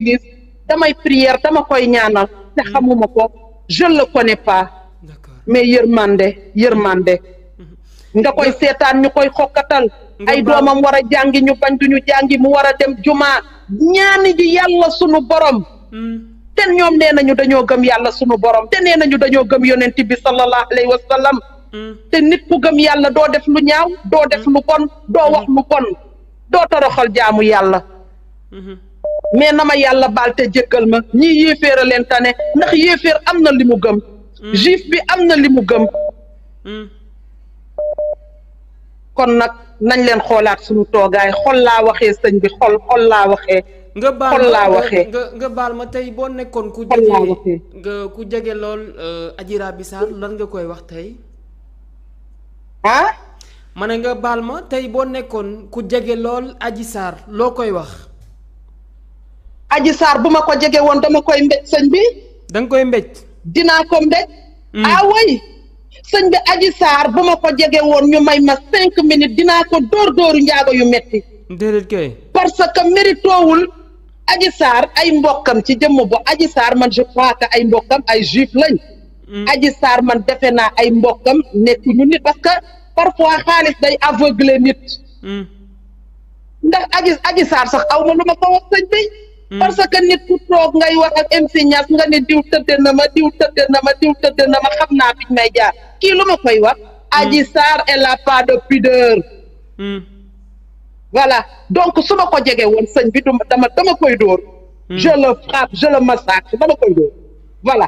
église damay prière dama koy ñaanal te xamuma ko je ne le connais pas mais Yermande, Yermande. Mhm. nga koy setan, ñu koy xokatal ay domam wara jangi, ñu bañ duñu jangi mu wara dem juma. ñaani ji yalla sunu borom mhm. ten ñom nenañu dañu gëm yalla sunu borom ten nenañu dañu gëm yonent bi sallallahu alayhi wasallam mhm. te nit ku gëm yalla do def lu ñaaw do def lu kon do wax lu kon do toroxal jaamu yalla mais na ma yàlla baal te jéggal ma ñii yéeféer a leen tane ndax yéeféer am na li mu gëm mm. juif bi am na li mu gëm mm. kon nag nañ leen xoolaat suñu toogaay xol laa waxe sëñ bi xol xol laa waxee nga baal ma nga nga baal ma tey boo nekkoon ku jege nga ku jege lool euh, Adji Raby Sarr lan nga koy wax tey ah ma ne nga baal ma tey boo nekkoon ku jege lool Adji Sarr loo koy wax aji saar bu ma ko jege woon dama koy mbéj sëñ bi. da koy mbéj. dinaa ko mbéj. Mm. ah oui bi aji saar bu ma ko jege woon ñu may ma cinq minutes dinaa ko dóor dóoru njaago yu metti parce que méritoowul aji saar ay mbokkam ci jëmm bu aji saar man je crois que ay mbokkam ay juif lañ. Mm. aji saar man defe naa ay mbokkam nekkuñu nit parce que parfois xaalis day aveuglé nit. Mm. ndax aji saar sax aw lu ma ko wax sëñ bi. Mm. parce que nit ku toog ngay wax ak MC nga ne diw tëdd na ma diw tëdd na ma diw tëdd na ma xam naa fiñ may jaar kii lu ma koy wax mm. Adji Sarr elle a pas de pudeur mm. voilà donc su ma ko jege woon sëñ bi duma dama dama koy dóor je le frappe je le massacre dama koy dóor voilà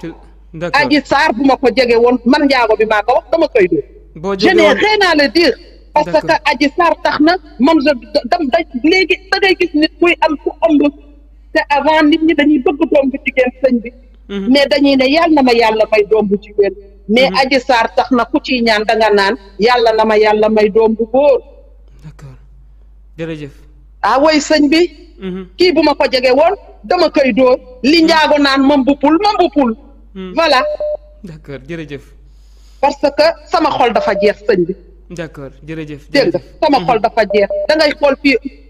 Adji Sarr bu ma ko jege woon man njaago bi maa ko wax dama koy dóor je n'ai le dire parce que Adji Sarr tax na man je dam léegi da ngay gis nit kuy am ku ëmb te avant nit ñi dañuy bëgg doom bu jigéen sëñ bi. Mhm. mais dañuy ne yàlla na ma yàlla may doom bu jigéen. Mhm. tax na ku ciy ñaan danga yàlla na ma yàlla may doom bu góor. d'accord jërëjëf. ah woy sëñ bi. Mhm. kii bu ma ko jege woon dama koy dóor li njaago naan mam bu pul mam bu pul. jërëjëf. parce que sama xol dafa jeex sëñ bi. d'accord jërëjëf. jërëjëf sama xol dafa jeex da ngay fii.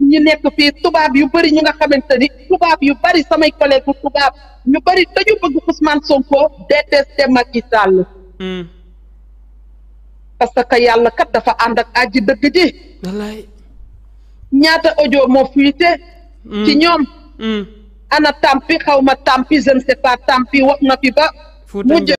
ñu nekk fii tubaab yu bari ñu nga xamante ni tubaab yu bari samay collègue tubaab ñu bëri dañu bëgg Ousmane Sonko détesté Macky Sall hmm. parce que yàlla kat dafa ànd ak aji dëgg ji wallaay ñaata audio moo fuité hmm. ci ñoom hmm. ana tampi xaw ma tampi je ne sais wax na fi ba mujj